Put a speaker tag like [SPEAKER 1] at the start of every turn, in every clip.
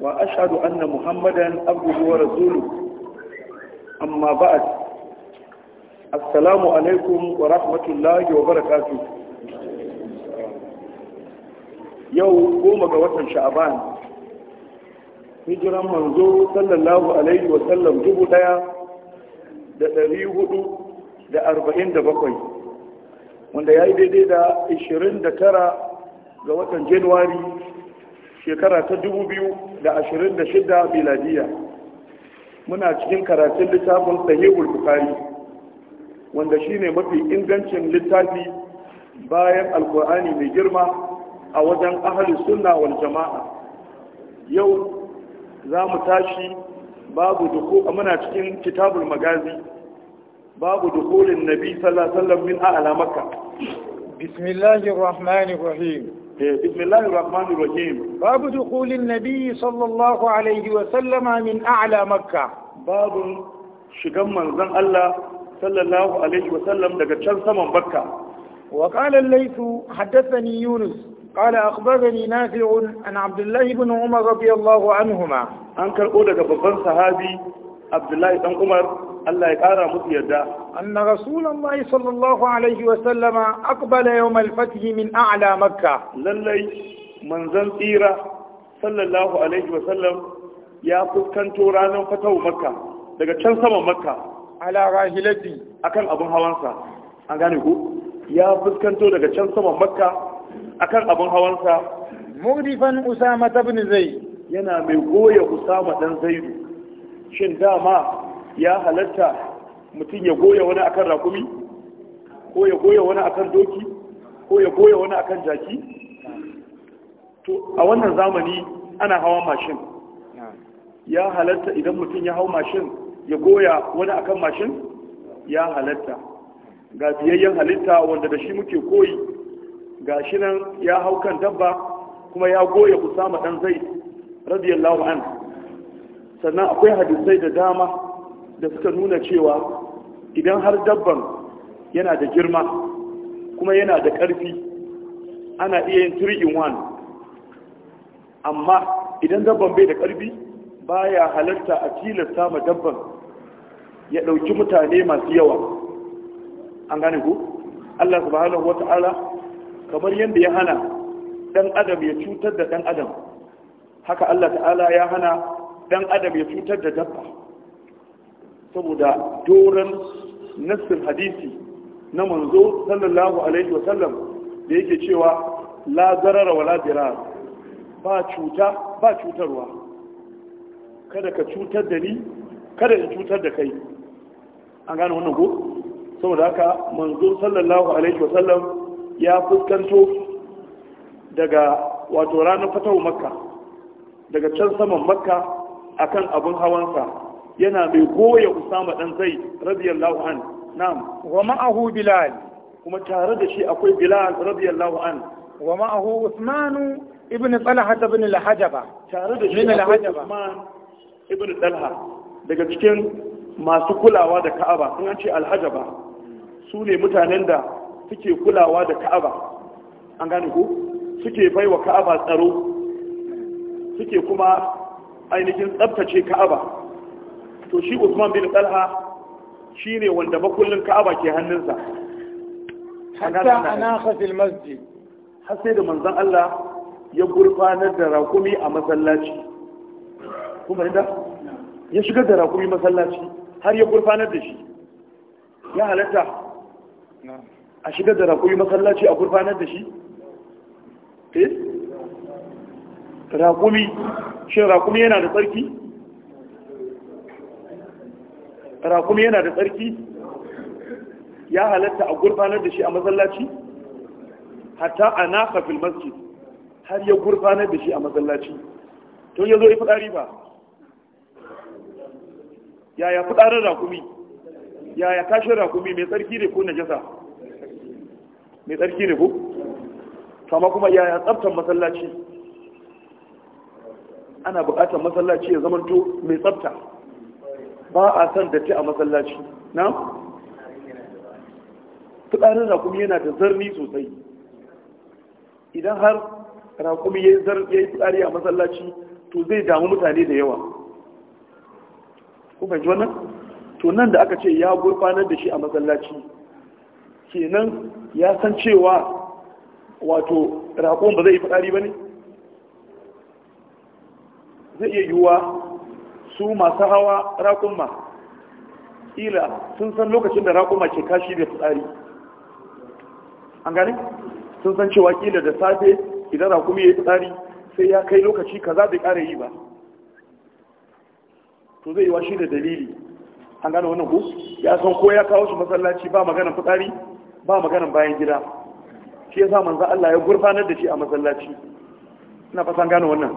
[SPEAKER 1] wa ashadu anna muhammadan abubu wa rasulu amma ba'ad assalamu alaikum wa rahmatullahi wa barakatu yau goma ga watan sha'aban hijiran manzo sallallahu alaihi wa sallam dubu daya da ɗari hudu da arba'in da bakwai wanda ya yi daidai da ashirin da tara ga watan januwari shekara ta dubu biyu da ashirin da shida miladiya muna cikin karatun littafin sahihul bukari wanda shine mafi ingancin littafi bayan alkur'ani mai girma a wajen ahalin sunna wal jama'a yau za mu tashi babu duku muna cikin kitabul magazi babu dukulin nabi sallallahu alaihi wasallam min a'la makka
[SPEAKER 2] bismillahir rahmanir rahim بسم الله الرحمن الرحيم باب دخول النبي صلى الله عليه وسلم من أعلى
[SPEAKER 1] مكة باب شكم من زن الله صلى الله عليه وسلم دقشان سمن مكة
[SPEAKER 2] وقال الليث حدثني يونس قال أخبرني نافع عن عبد الله بن عمر رضي الله عنهما أنكر أولك ببن صحابي عبد الله بن عمر Allah ya ƙara musu yadda anna rasulullahi sallallahu
[SPEAKER 1] alaihi wa sallama aqbala yawm al-fath min a'la makka lallai manzon tsira sallallahu alaihi wa sallam ya fuskanto ranar fatahu makka daga can saman makka ala rahilati akan abun hawansa an gane ku ya fuskanto daga can saman makka akan abun hawansa murdifan usama ibn zaid yana mai goya usama dan zaidu shin dama ya halatta mutum ya goya wani akan rakumi ko ya goya wani akan doki ko ya goya wani akan jaki to a wannan zamani ana hawa mashin ya halatta idan mutum ya hau mashin ya goya wani akan mashin ya halatta ga biyayyen halitta wanda da shi muke koyi ga shi nan ya hau kan dabba kuma ya goya ma ɗan zai radiyallahu an sannan akwai hadisai da dama da suka nuna cewa idan har dabban yana da girma kuma yana da ƙarfi ana iya yin 3 in 1 amma idan dabban bai da ƙarfi ba ya halarta a tilasta ma dabban ya ɗauki mutane masu yawa an gane ku Allah subhanahu wata'ala kamar yadda ya hana ɗan adam ya cutar da ɗan adam haka Allah ta'ala ya hana ɗan adam ya cutar da dabba saboda doron nassin hadisi na manzo sallallahu alaihi wa sallam da yake cewa la zarara wa la dirar ba cuta ba cutarwa kada ka cutar da ni kada in cutar da kai an gane wannan ko saboda haka manzo sallallahu alaihi wa sallam ya fuskanto daga wato ranar fatawa makka daga can saman makka akan abun hawansa yana mai goya usama dan zai radiyallahu an na'am wa ma'ahu bilal kuma tare da shi akwai bilal radiyallahu an
[SPEAKER 2] wa ma'ahu usmanu
[SPEAKER 1] ibn talha ibn al-hajaba tare da shi akwai usman ibn talha daga cikin masu kulawa da ka'aba sun an ce al-hajaba su ne mutanen da suke kulawa da ka'aba an gane ku suke baiwa ka'aba tsaro suke kuma ainihin tsabtace ka'aba to shi usman bin talha shine wanda makullin ka'aba ke hannunsa hatta anaka fil masjid har sai da manzon Allah ya gurfanar da rakumi a masallaci kuma inda ya shiga da rakumi masallaci har ya gurfanar da shi ya halatta a shiga da rakumi masallaci a gurfanar da shi eh rakumi shin rakumi yana da tsarki raƙumi yana da tsarki ya halatta a gurfanar da shi a masallaci hatta a naka filmarci har ya gurfanar da shi a masallaci to ya zo ya fi ɗari ba yaya fi ɗarin rakumi yaya kashin rakumi mai tsarki ne ko na jasa? mai tsarki ne ko kama kuma yaya tsabtan masallaci ana buƙatar masallaci ya zamanto mai tsabta ba a son datti a masallaci na fitsarin rakumi yana da zarni sosai idan har rakumi ya yi fitsari a masallaci to zai damu mutane da yawa kuma ji wannan to nan da aka ce ya gurfanar da shi a masallaci kenan ya san cewa wato rakon ba zai yi fitsari ba ne zai iya yiwuwa su masu hawa raƙumma ila sun san lokacin da raƙumma ke kashi da fitsari an gani sun san cewa kila da safe idan raƙumi ya yi fitsari sai ya kai lokaci kaza bai ƙara yi ba to zai yi wa shi da dalili an gani wannan ku ya san ko ya kawo shi masallaci ba maganin fitsari ba maganin bayan gida shi ya sa manza Allah ya gurfanar da shi a masallaci ina fasan gane wannan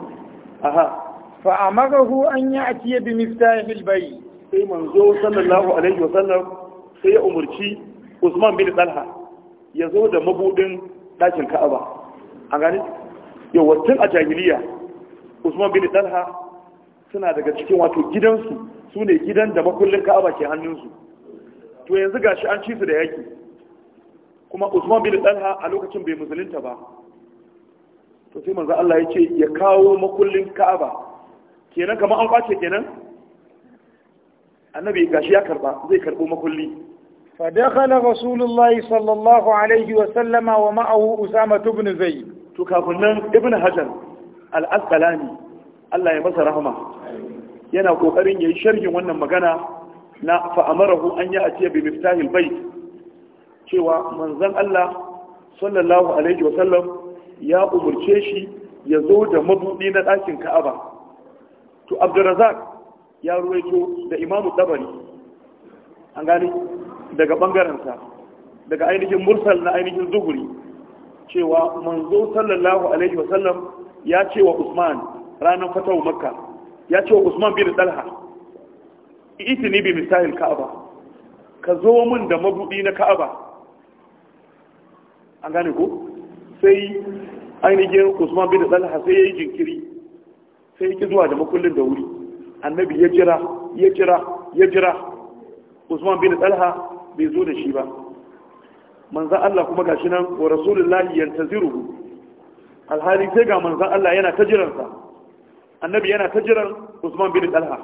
[SPEAKER 1] aha
[SPEAKER 2] fa amarahu an ya atiya bi miftahil
[SPEAKER 1] bayt sai manzo sallallahu alaihi wasallam sai ya umarci Usman bin Talha ya zo da mabudin ɗakin Ka'aba a gani yawancin a jahiliya Usman bin Talha suna daga cikin wato gidansu su ne gidan da makullin Ka'aba ke hannunsu to yanzu gashi an ci su da yaki kuma Usman bin Talha a lokacin bai musulunta ba to sai manzo Allah ya ce ya kawo makullin Ka'aba kenan kamar an kwace kenan annabi gashi ya karba zai karɓi makulli فدخل رسول الله صلى الله عليه وسلم ومعه أسامة بن زيد تكافلنا ابن هجر الأسقلاني الله يمسى رحمه yana kokarin yayi sharhin wannan magana na fa'amarahu an ya atiya bi miftahil bait cewa manzon Allah sallallahu alaihi wasallam ya umurce shi ya zo da mabuɗi na ɗakin Ka'aba to abdurrazak ya ruwaito da imamu tabari an gani daga bangarensa daga ainihin mursal na ainihin zuguri cewa manzo sallallahu alaihi wasallam ya ce wa usman ranar fatawa makka ya ce wa usman bin dalha itini bi misahil ka'aba ka zo min da mabudi na ka'aba an gane ko sai ainihin usman bin dalha sai ya yi jinkiri sai yake zuwa da makullin da wuri annabi ya jira ya jira ya jira usman bin talha bai zo da shi ba manzan Allah kuma gashi nan wa rasulullahi yantaziru alhali sai ga manzan Allah yana ta jiransa annabi yana ta jiran usman bin talha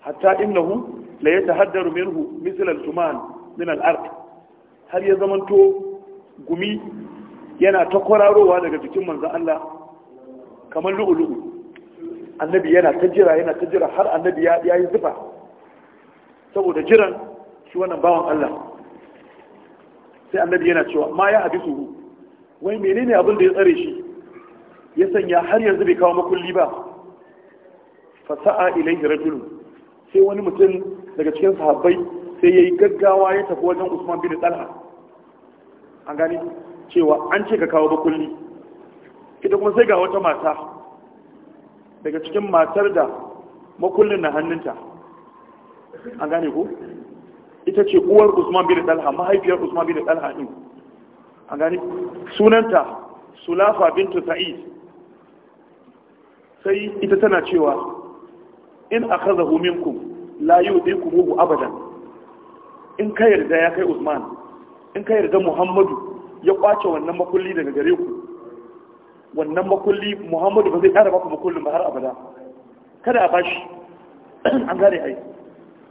[SPEAKER 1] hatta innahu la yatahaddaru minhu misl al-tuman min al-ard har ya zamanto gumi yana ta kwararowa daga jikin manzan Allah kamar lu'ulu'u annabi yana ta jira yana ta jira har annabi ya yi zufa saboda jiran shi wannan bawan Allah sai annabi yana cewa ma ya su wai menene abin da ya tsare shi ya sanya har yanzu bai kawo makulli ba fasa'a ilayhi rajul sai wani mutum daga cikin sahabbai sai yayi gaggawa ya tafi wajen Usman bin Talha an gani cewa an ce ka kawo makulli ita kuma sai ga wata mata daga cikin matar da makullin na hannunta an gane ku ita ce uwar usman bin dalha mahaifiyar usman bin dalha din an gane sunanta sulafa bintu sa'id sai ita tana cewa in akhadhahu minkum la yudikumuhu abadan in ka yarda ya kai usman in ka yarda muhammadu ya kwace wannan makulli daga gare ku wannan makulli muhammadu ba zai ƙara baku makullin ba har abada kada a bashi an gane ai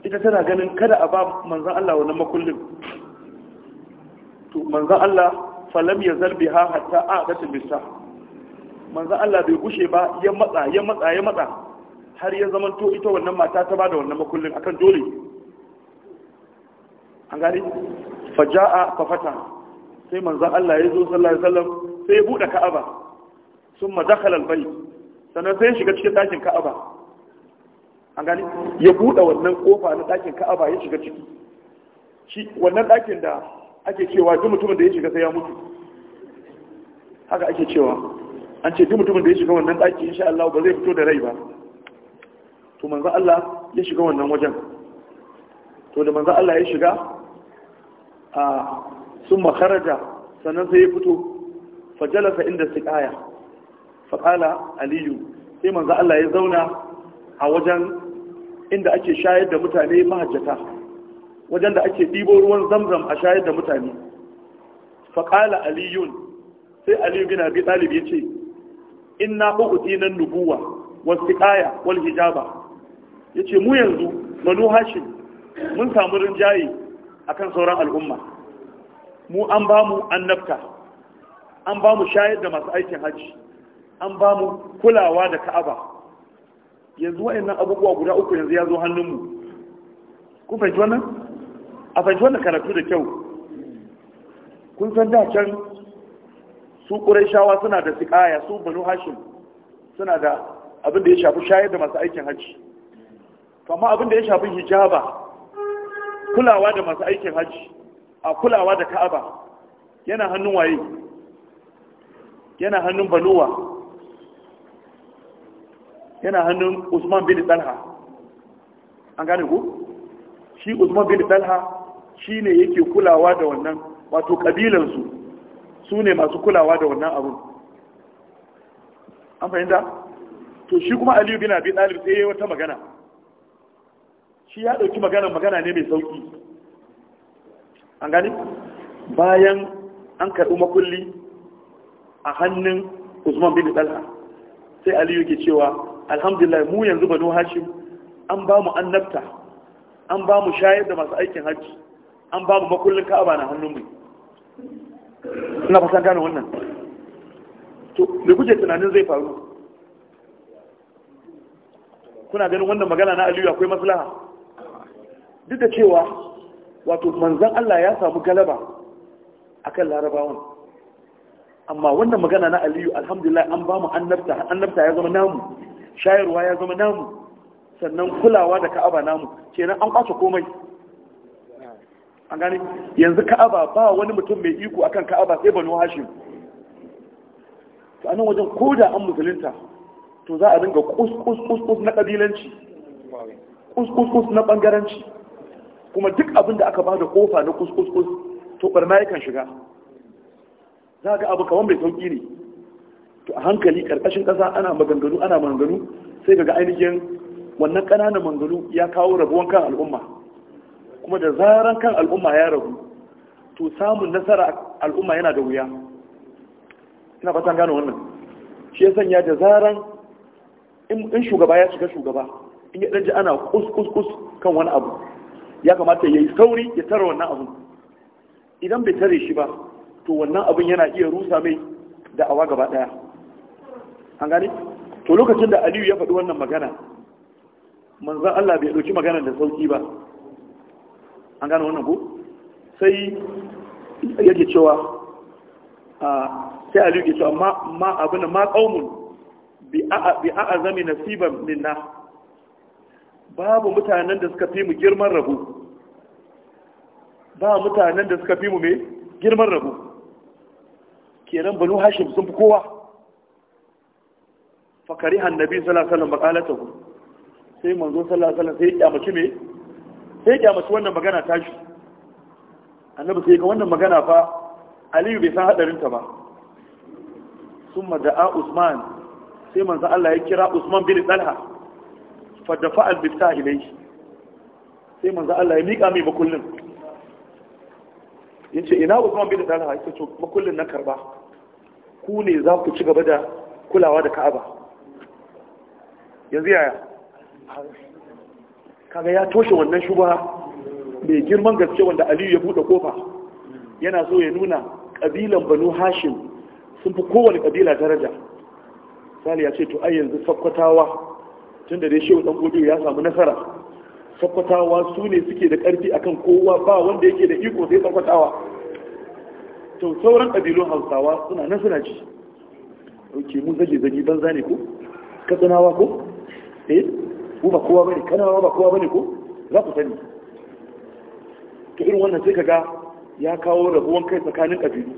[SPEAKER 1] ita tana ganin kada a ba manzan Allah wannan makullin to manzan Allah falam ya zalbi ha hatta a datin bisa manzan Allah bai gushe ba ya matsa ya matsa ya matsa har ya zama to ita wannan mata ta bada wannan makullin akan dole an gane fa faja'a fa fata sai manzan Allah ya zo sallallahu alaihi wasallam sai ya bude ka'aba sun madakhala albai sannan sai shiga cikin ɗakin ka'aba an gani ya buɗe wannan ƙofa na ɗakin ka'aba ya shiga ciki shi wannan ɗakin da ake cewa duk mutumin da ya shiga sai ya mutu haka ake cewa an ce duk mutumin da ya shiga wannan daki insha Allah ba zai fito da rai ba to manzo Allah ya shiga wannan wajen to da manzo Allah ya shiga a sun makaraja sannan sai ya fito fajalasa inda siqaya faƙala aliyu sai manzo Allah ya zauna a wajen inda ake shayar da mutane mahajjata wajen da ake ɗibo ruwan zamzam a shayar da mutane faƙala aliyun sai aliyu gina bi ɗalibi ya ce inna uqtinan nubuwa wasiqaya wal hijaba yace mu yanzu manu Hashi, mun samu rinjaye akan sauran al'umma mu an bamu annabta an bamu shayar da masu aikin hajji an ba mu kulawa da ka'aba yanzu wa'annan abubuwa guda uku yanzu ya zo hannunmu ku fahimci wannan a fahimci wannan karatu da kyau kun san da can su shawa suna da siƙaya su banu hashim suna da abin da ya shafi shayar da masu aikin hajji kama abin da ya shafi hijaba kulawa da masu aikin hajji a kulawa da ka'aba yana hannun waye yana hannun banuwa yana hannun usman bin talha an gane ku shi usman bin talha shi ne yake kulawa da wannan wato kabilansu su ne masu kulawa da wannan abun an fahimta to shi kuma aliyu bin abi talib sai ya yi wata magana shi ya ɗauki magana magana ne mai sauƙi an gani bayan an karɓi makulli a hannun usman bin talha sai aliyu ke cewa alhamdulillah mu yanzu banu hashim an ba mu annabta an ba mu shayar da masu aikin hajji an ba mu makullin ka'aba na mu ina fasan gane wannan to me kuke tunanin zai faru kuna ganin wannan magana na aliyu akwai maslaha duk da cewa wato manzan Allah ya samu galaba akan larabawan amma wannan magana na aliyu alhamdulillah an ba mu annabta annabta ya zama namu shayarwa ya zama namu sannan kulawa da ka'aba namu nan an kwace komai an gane yanzu ka'aba ba wani mutum mai iko akan ka'aba sai banu hashim to nan wajen ko an musulunta to za a dinga kus na kabilanci kus na ɓangaranci. kuma duk abin da aka ba da kofa na kus kus to barna yakan shiga za ga abu kamar mai sauƙi ne to a hankali karkashin kasa ana maganganu ana maganganu sai ga ainihin wannan ƙananan maganganu ya kawo rabuwan kan al'umma kuma da zaran kan al'umma ya rabu to samun nasara al'umma yana da wuya ina fatan gano wannan shi ya sanya da zaran in shugaba ya shiga shugaba in ya ɗanji ana kus-kus-kus kan wani abu ya kamata ya yi sauri ya tara wannan abu idan bai tare shi ba to wannan abin yana iya rusa mai da awa gaba ɗaya an gane to lokacin da aliyu ya faɗi wannan magana manzan Allah bai ɗauki maganar da sauƙi ba an gane wannan ko sai yake cewa sai aliyu ke cewa ma abin da ma ƙaunin bi a'a zami nasiban minna babu mutanen da suka fi mu girman rabu ba mutanen da suka fi mu mai girman rabu kenan banu hashim sun fi kowa fakari annabi sallallahu alaihi wasallam sai manzo sallallahu alaihi sai ya kyamaci me sai ya kyamaci wannan magana tashi annabi sai ga wannan magana fa aliyu bai san hadarin ta ba summa da'a usman sai manzo Allah ya kira usman bin talha fa dafa'a bifta ilayhi sai manzo Allah ya mika mai makullin yace ina usman bin talha yake to makullin na karba ku ne za ku ci gaba da kulawa da ka'aba yanzu yaya kaga ya toshe wannan shubha mai girman gaske wanda aliyu ya buɗe kofa yana so ya nuna kabilan banu hashim sun fi kowane kabila daraja sali ya ce to ai yanzu sakkwatawa tun da dai shehu dan gobe ya samu nasara sakkwatawa su ne suke da ƙarfi akan kowa ba wanda yake da iko sai sakkwatawa to sauran ƙabilun hausawa suna nan suna ok mun zage zage banza ne ko katsinawa ko eh ku ba kowa bane kana ba kowa bane ko za ku sani to irin wannan sai kaga ya kawo rabuwan kai tsakanin kabilu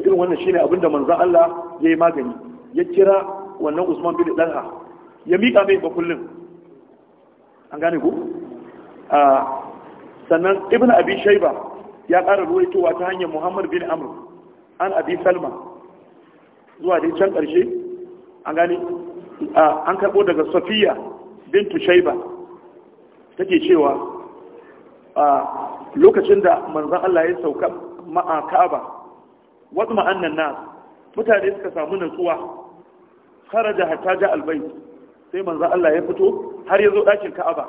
[SPEAKER 1] irin wannan shine abin da manzon Allah ya yi magani ya kira wannan Usman bin Talha ya mika mai ba kullum an gane ku a sannan Ibn Abi Shayba ya ƙara ruwaitowa ta hanyar Muhammad bin Amr an Abi Salma zuwa dai can ƙarshe an gane an karbo daga safiya bintu shaiba take cewa lokacin da manzan Allah ya sauka ma'a ka'aba wasu ma'annan na mutane suka samu nutsuwa kharaja hata ja albai sai manzan Allah ya fito har ya zo ɗakin ka'aba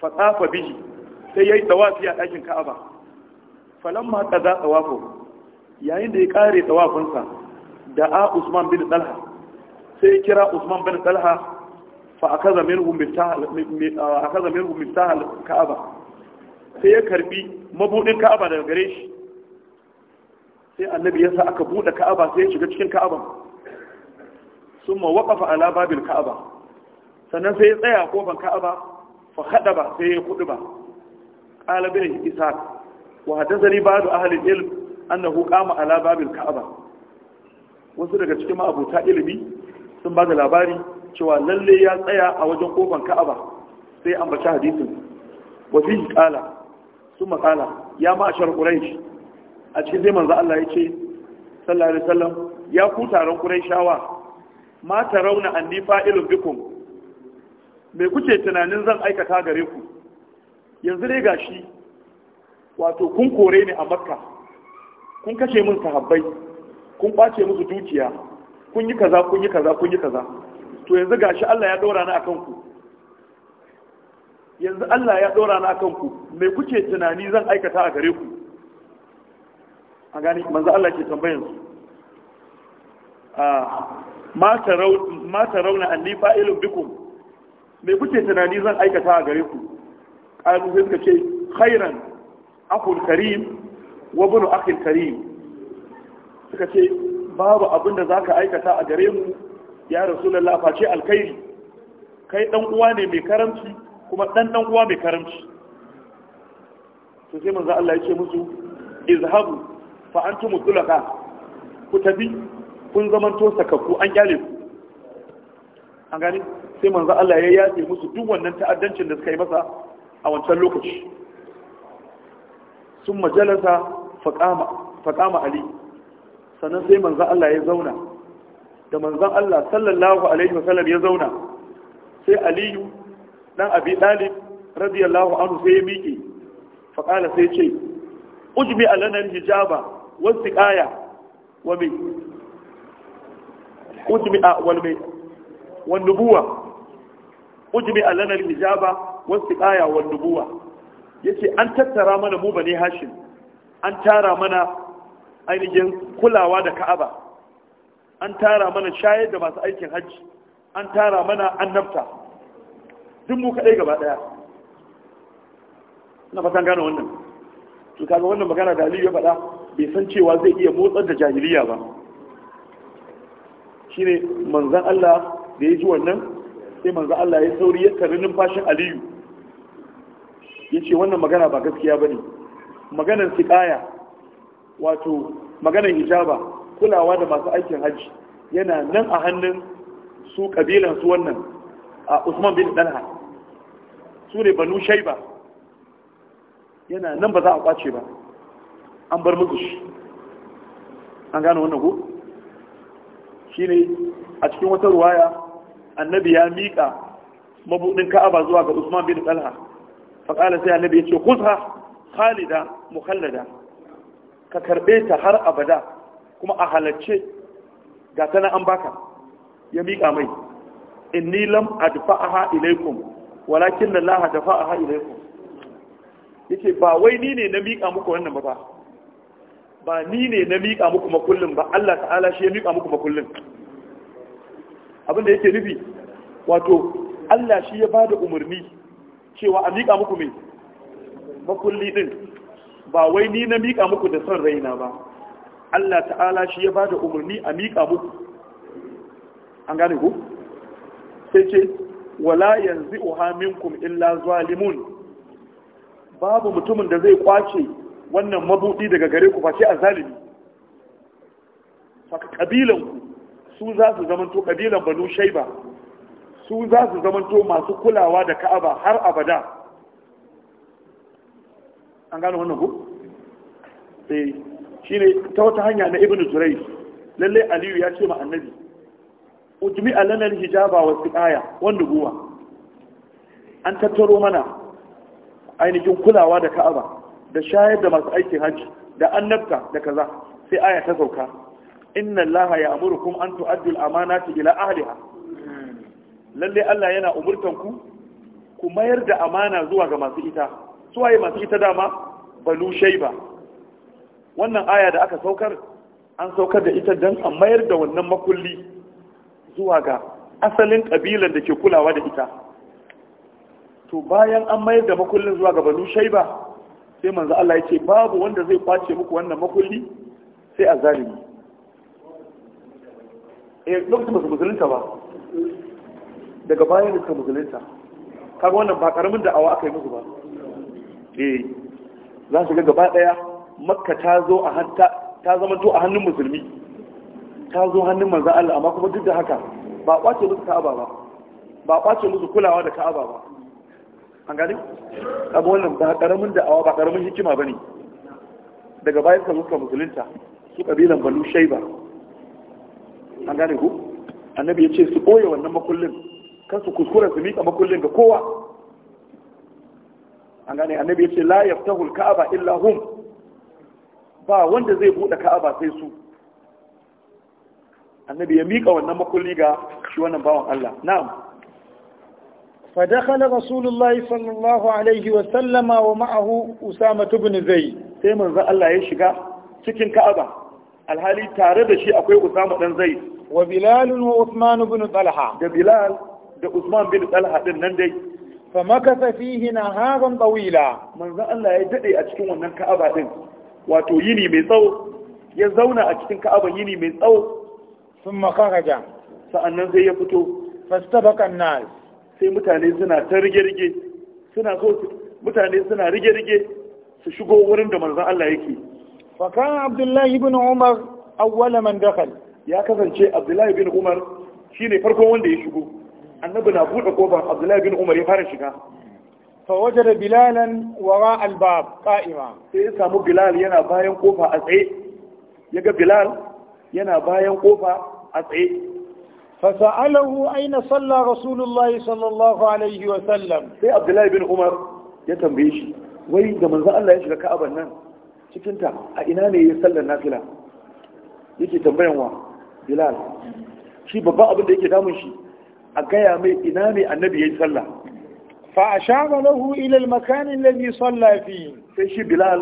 [SPEAKER 1] fasafa biji sai ya yi tsawafi a ɗakin ka'aba za qaza tawafu yayin da ya ƙare tsawafinsa da a Usman bin ɗalha sai kira usman bin talha fa akaza minhu miftah al-ka'aba sai ya karbi mabudin ka'aba daga gare shi sai annabi ya sa aka bude ka'aba sai ya shiga cikin ka'aban Sun waqafa ala babil ka'aba sannan sai ya tsaya kofar ka'aba fa ba sai ya kuduba qala bin isaac wa hadathani ba ahli ahalin ilm annahu qama ala babil ka'aba wasu daga cikin ma'abuta ilimi sun ba da labari cewa lalle ya tsaya a wajen kofan ka'aba sai an baci hadisin wa fihi qala summa ya ma'ashar ƙuraishi a cikin zai manzo Allah yace sallallahu alaihi wasallam ya ku taron ƙuraishawa ma tarawna anni fa'ilun bikum me kuke tunanin zan aikata gare ku yanzu dai gashi wato kun kore ni a makka kun kashe min sahabbai kun ɓace musu dukiya kun yi kaza kun yi kaza kun yi kaza to yanzu gashi Allah ya dora ni akan ku yanzu Allah ya dora ni akan ku me kuke tunani zan aikata a gare ku a gani manzo Allah ke tambayan su a ma tarau ma tarauna anni fa'ilun bikum me kuke tunani zan aikata a gare ku qalu sai suka ce khairan akul karim wa bunu akil karim suka ce babu abin da zaka aikata a gare mu ya rasulullah face alkhairi kai dan uwa ne mai karamci kuma dan dan uwa mai karamci to sai manzo Allah ya ce musu izhabu fa antum tulaka ku tafi kun zaman to sakakku an kyale ku an gani sai manzo Allah ya yace musu duk wannan ta'addancin da suka yi masa a wancan lokaci sun majalasa faƙama ali sannan sai manzan Allah ya zauna da manzan Allah sallallahu alaihi wasallam ya zauna sai aliyu dan abi dalib radiyallahu anhu sai ya miƙe faƙala sai ce ujmi alanar hijaba wasu ƙaya wa mai ujmi a walmai wandubuwa ujmi alanar hijaba wasu ƙaya wandubuwa ya ce an tattara mana mu bane hashim an tara mana ainihin kulawa da ka'aba an tara mana shayar da masu aikin hajji an tara mana annabta duk mu kaɗai gaba ɗaya na fatan gane wannan to kaga wannan magana da aliyu ya faɗa bai san cewa zai iya motsar da jahiliya ba Shi ne manzan Allah da ya ji wannan sai manzan Allah ya sauri ya tare numfashin aliyu ya ce wannan magana ba gaskiya ba ne maganar siƙaya wato maganar Hijaba, kulawa da masu aikin hajji yana nan a hannun su kabilan su wannan a Usman bin Dalha, su ne banu shaiba yana nan ba za a kwace ba an bar musu shi an gane wannan ko ne a cikin wata ruwaya annabi ya miƙa mabudin ka'aba zuwa ga Usman bin Talha faqala sai annabi ya ce khudha khalida mukhallada ka karɓe ta har abada kuma a halarce ga ta an baka ya miƙa mai in ni lam a a dafa ha ilaikun walakin dafa Allah dafa'aha Ya yake ba wai ni ne na miƙa muku wannan ba ba ni ne na miƙa muku makullin ba Allah ta'ala shi ya miƙa muku makullin abin da yake nufi wato Allah shi ya bada umarni cewa a miƙa muku mai makulli din ba wai ni na mika muku da son raina ba Allah ta'ala shi ya bada umarni a mika muku an gane ku sai ce wala yanzu uha minkum illa zalimun babu mutumin da zai kwace wannan mabudi daga gare ku face a zalimi saka kabilanku su za su zamanto kabilan banu shaiba su za su zamanto masu kulawa da ka'aba har abada an gano wannan ku? eh shi ne ta wata hanya na Ibnu turai lallai aliyu ya ce ma annabi ujmi alanar hijaba wa siƙaya wanda guwa an tattaro mana ainihin kulawa da ka'aba da shayar da masu aikin hajji da annabta da kaza sai aya ta sauka inna allaha ya amurukum an tu'addul amanati ila ahliha lalle Allah yana ku? ku mayar da amana zuwa ga masu ita su waye masu ita dama banu shaiba wannan aya da aka saukar an saukar da ita don a mayar da wannan makulli zuwa ga asalin kabilan da ke kulawa da ita to bayan an mayar da makullin zuwa ga balu shaiba sai manzo Allah ya ce babu wanda zai kwace muku wannan makulli sai a zalimi eh lokacin ba su musulunta ba daga bayan da suka musulunta kaga wannan ba karamin awa aka yi musu ba Eh, za su ga gaba daya makka ta zo a hanta ta zama to a hannun musulmi ta zo hannun manzo Allah amma kuma duk da haka ba kwace musu ka'aba ba ba kwace musu kulawa da ka'aba ba an gani abu wannan ba karamin da'awa ba karamin hikima bane daga bayan sa suka musulunta su kabilan banu shaiba an gane ku annabi ya ce su ɓoye wannan makullin kan su kuskura su mika makullin ga kowa an gane annabi yace la yaftahu al-ka'aba illa hum ba wanda zai bude ka'aba sai su annabi ya mika wannan makulli ga shi wannan bawan Allah na'am
[SPEAKER 2] فدخل رسول sallallahu alaihi wa sallama wa ومعه أسامة بن زيد sai manzo Allah ya shiga
[SPEAKER 1] cikin Ka'aba alhali tare da shi akwai Usama dan Zaid wa Bilal wa Uthman ibn Talha da Bilal da Uthman bin Talha din nan dai fa makasa fihi naharan tawila manzon Allah ya daɗe a cikin wannan ka'aba din wato yini mai tsawo ya zauna a cikin ka'aba yini mai tsawo Sun kharaja sa'annan sai ya fito fastabakan nas sai mutane suna ta rige-rige suna so mutane suna rige su shigo wurin da manzon Allah yake fa kana Abdullahi ibn Umar awwala man dakhal ya kasance Abdullahi ibn Umar shine farkon wanda ya shigo annabi na buɗe kofar abdullahi bin umar ya fara shiga fa wajada bilalan wara albab qa'ima sai ya samu bilal yana bayan ƙofa a tsaye Ya ga bilal yana bayan ƙofa a tsaye fa sa'alahu aina salla rasulullahi sallallahu alaihi wa sallam sai abdullahi bin umar ya tambaye shi wai da manzo Allah ya shiga ka'aban nan cikin ta a ina ne ya sallar nafila yake tambayan wa bilal shi babban abin da yake damun shi a gaya mai ina ne annabi ya yi sallah fa ashara lahu ila al-makan alladhi salla fi sai shi bilal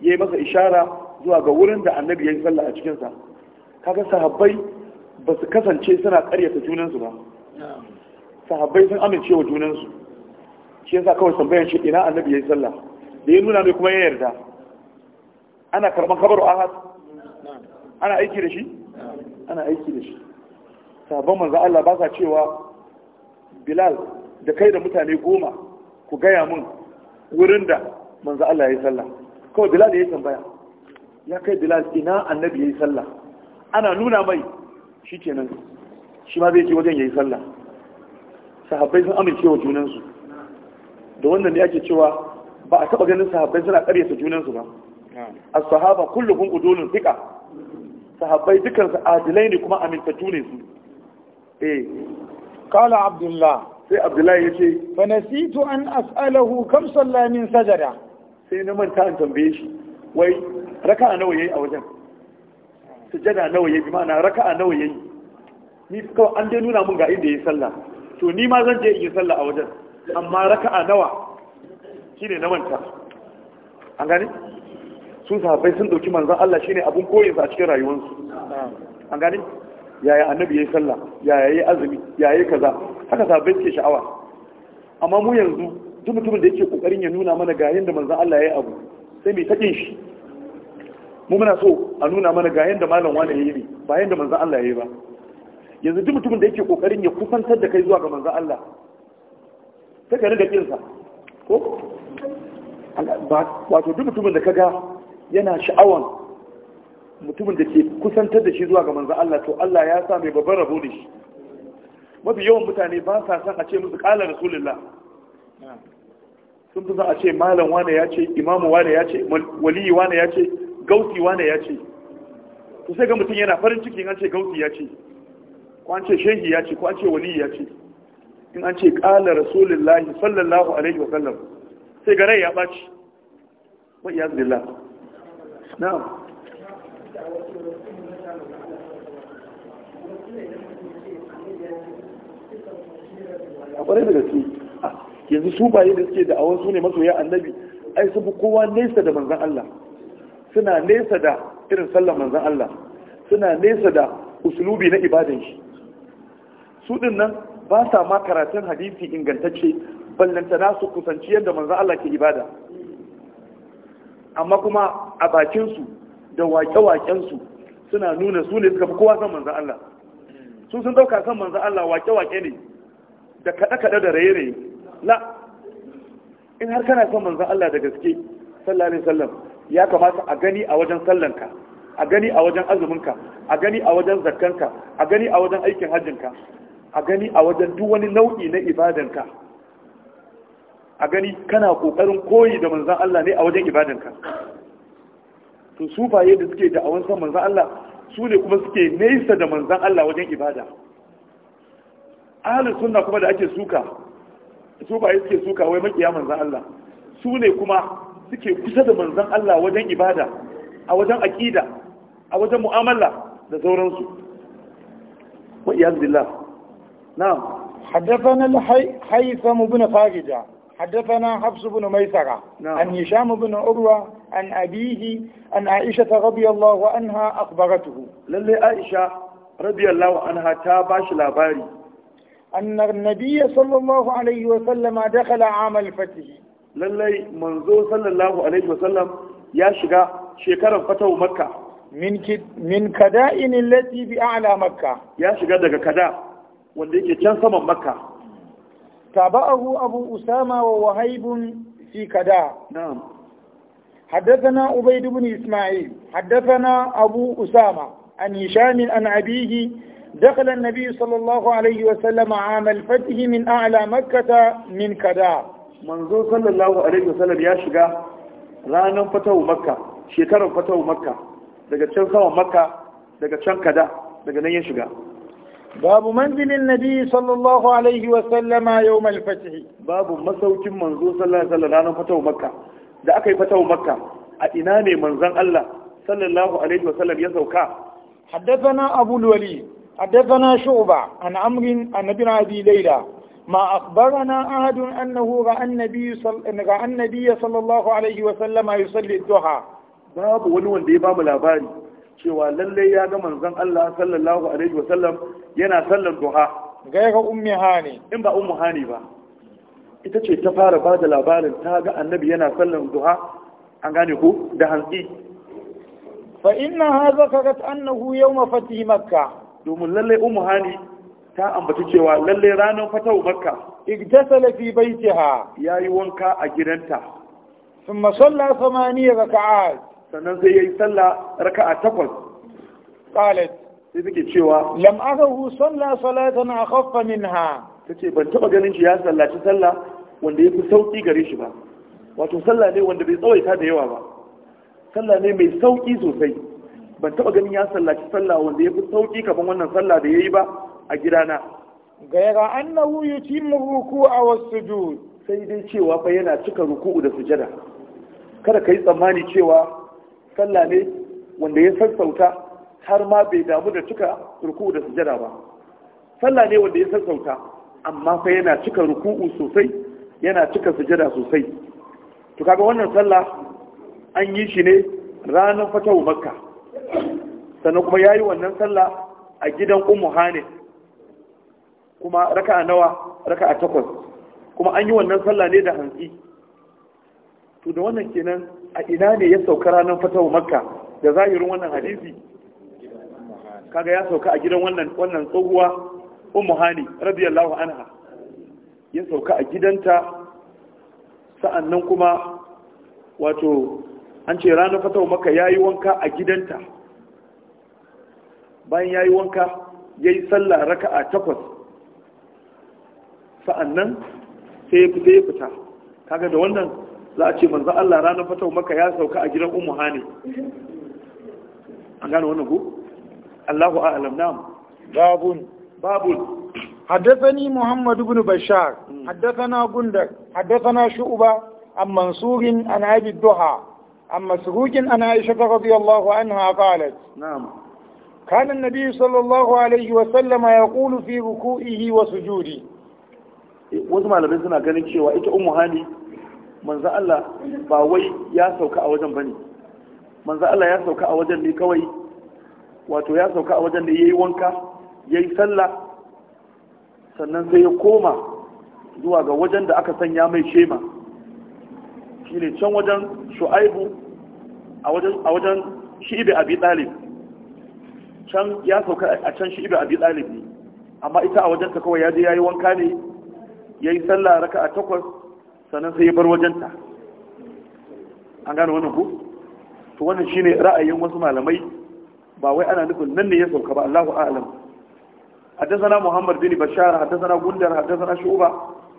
[SPEAKER 1] ya yi masa ishara zuwa ga wurin da annabi ya yi sallah a cikinsa. sa kaga sahabbai ba su kasance suna karyata junansu ba sahabbai sun amince wa junansu shi yasa kawai tambayar shi ina annabi ya yi sallah da ya nuna mai kuma ya yarda ana karɓar kabaru ahad ana aiki da shi ana aiki da shi sabon manzo Allah ba sa cewa bilal da kai da mutane goma ku gaya mun wurin da manzo Allah ya yi sallah kawai bilal ya yi tambaya ya kai bilal ina annabi ya yi sallah ana nuna mai shi kenan shi ma zai ji wajen ya yi sallah sahabbai sun amincewa junansu da wannan ne ake cewa ba a taɓa ganin sahabbai suna ƙaryata junansu ba a sahaba kullum udulun fika sahabbai dukansu adilai ne kuma amintattu ne su eh قال عبد الله sai abdullahi ya ce فنسيت nasitu an كم kam من min في sai na manta an tambaye shi wai جن nawa yayi a wajen sujada nawa nawa ni kawai an dai nuna mun ga inda ya sallah to ni ma zan je yi sallah a wajen amma raka'a nawa shine na manta an gani? su sahabbai sun dauki manzon Allah shine abun koyinsa a cikin rayuwarsu an gani? yaya annabi ya yi sallah yaya ya azumi yaya ya kaza haka sabbin ke sha'awa amma mu yanzu duk mutumin da yake kokarin ya nuna mana ga yanda manzon Allah ya yi abu sai mai taƙin shi mu muna so a nuna mana ga yanda malam wani ya yi ne ba yanda manzon Allah ya yi ba yanzu duk mutumin da yake kokarin ya kusantar da kai zuwa ga manzon Allah sai ka riga kinsa ko wato duk mutumin da kaga yana sha'awan mutumin da ke kusantar da shi zuwa ga manzan Allah to Allah ya sa mai babban rabo da shi mafi yawan mutane ba sa san a ce musu kala rasulullah sun fi a ce malam wane ya ce imamu wane ya ce waliyi wane ya ce gauti wane ya ce to sai ga mutum yana farin ciki an ce gauti ya ce ko an ce shehi ya ce ko an ce waliyi ya ce in an ce kala rasulullah sallallahu alaihi wa sallam sai ga rai ya ɓaci wa iyaz na'am a da gaske ah, yanzu su baye da suke da awon su ne masoya annabi ai su fi kowa nesa da manzan Allah suna nesa da irin sallar manzan Allah suna nesa da usulubi na ibadan shi su din nan ba sa ma karatun hadisi ingantacce ballantana su kusanci yadda manzan Allah ke ibada amma kuma a bakinsu da wake-wakensu suna nuna su ne suka fi kowa san manzan Allah sun sun dauka san manzan Allah wake-wake ne da kaɗe-kaɗe da raye-raye la in har kana son manzan Allah da gaske sallallahu alaihi wasallam ya kamata a gani a wajen sallanka a gani a wajen azuminka a gani a wajen zakkanka a gani a wajen aikin hajjinka a gani a wajen duk wani nau'i na ibadanka a gani kana kokarin koyi da manzan Allah ne a wajen ibadanka to sufaye da suke da awan san manzan Allah su ne kuma suke nesa da manzan Allah wajen ibada ahalin sunna kuma da ake suka sufaye suke suka wai makiya manzan Allah su ne kuma suke kusa da manzan Allah wajen ibada a wajen aƙida a wajen mu'amala da sauransu wa iyaz billah
[SPEAKER 2] na'am حدثنا الحيثم بن خارجه حدثنا حفص بن ميسرة عن هشام بن عروة عن أبيه عن عائشة رضي
[SPEAKER 1] الله عنها أخبرته للي عائشة رضي الله عنها تاباش لاباري
[SPEAKER 2] أن النبي صلى الله عليه وسلم دخل عام الفتح
[SPEAKER 1] للي منذ صلى الله عليه وسلم يا شقا شكرا فتو مكة من كد من كدائن التي بأعلى مكة يا شقا دقا كدا وندي كان سما مكة
[SPEAKER 2] تابعه أبو أسامة ووهيب في كدا نعم حدثنا عبيد بن إسماعيل حدثنا أبو أسامة عن هشام عن أبيه دخل النبي صلى الله
[SPEAKER 1] عليه وسلم عام الفتح من أعلى مكة من كدا منظور صلى الله عليه وسلم يا شقا رانا فتو مكة شكرا فتو مكة daga can sama makka daga can kada daga nan ya shiga
[SPEAKER 2] باب منزل
[SPEAKER 1] النبي صلى الله عليه وسلم يوم الفتح باب مسوكين منزو صلى الله عليه وسلم ranar fatawa makka da aka yi fatawa makka a ina ne manzon Allah sallallahu alaihi wasallam ya sauka حدثنا أبو الوليد حدثنا شعبة عن
[SPEAKER 2] عمرو عن ابن أبي ليلى ما أخبرنا أحد أنه رأى النبي صلى
[SPEAKER 1] رأى النبي صلى الله عليه وسلم يصلي الضحى باب ولو دي باب لاباري cewa lalle ya ga manzon Allah sallallahu alaihi wa sallam yana sallar duha ga ummi hani in ba ummu hani ba ita ce ta fara bada labarin ta ga annabi yana sallar duha an gane ku, da hanzi. fa inna hadha kagat annahu yawma fatih makkah domin lalle ummu hani ta ambaci cewa lalle ranar fatahu makka igtasala fi baitiha yayi wanka a gidanta thumma salla thamaniya raka'at sannan sai yi sallah a takwas qalat sai suke cewa lam hu salla salatan ha. Ta ce ban taba ganin shi ya sallaci sallah wanda ya fi sauƙi gare shi ba wato sallah ne wanda bai tsawaita da yawa ba sallah ne mai sauƙi sosai ban taba ganin ya sallaci sallah wanda yafi sauƙi kamar wannan sallah da ya yi ba a gidana gaira annahu yutimmu ruku'a was sujud sai dai cewa fa yana cika ruku'u da sujada kada ka yi tsammani cewa sallah ne wanda ya sassauta har ma bai damu da cika ruku'u da sujada ba sallah ne wanda ya sassauta amma fa yana cika ruku'u sosai yana cika sujada sosai to kaga wannan sallah an yi shi ne ranar fatawu makka sannan kuma yayi wannan sallah a gidan ummu Hanin, kuma raka'a nawa raka'a takwas kuma an yi wannan sallah ne da hantsi to da wannan kenan a ina ne ya sauka ranar wa makka da zahirin wannan hadisi kaga ya sauka a gidan wannan wannan tsohuwa ummu hani radiyallahu anha ya sauka a gidanta nan kuma
[SPEAKER 2] wato
[SPEAKER 1] an ce ranar wa makka yayi wanka a gidanta bayan yayi wanka yayi sallah raka'a takwas nan sai ya fita ya fita kaga da wannan za a ce manzo Allah ranar fatau maka ya sauka a gidan ummu hani an gane wannan ku Allahu a'lam na babun babun
[SPEAKER 2] حدثني محمد بن بشار حدثنا بندق حدثنا شعبة عن منصور عن أبي الضحى عن an عن عائشة رضي الله عنها قالت نعم كان النبي صلى الله
[SPEAKER 1] wasu malamai suna ganin cewa ita umu hani manzo Allah ba wai ya sauka a wajen bane manzo Allah ya sauka a wajen ne kawai wato ya sauka a wajen ne yayi wanka yayi sallah sannan sai ya koma zuwa ga wajen da aka sanya mai shema shine can wajen shu'aibu a wajen a wajen shi'ibi abi talib can ya sauka a can shi'ibi abi talib ne amma ita a wajen ta kawai ya je yayi wanka ne yayi sallah raka'a takwas sannan sai ya bar wajenta an gane wannan ku to wannan shine ra'ayin wasu malamai ba wai ana nufin nan ne ya sauka ba Allahu a'lam haddathana Muhammad bin Bashar haddathana Gundar haddathana Shuba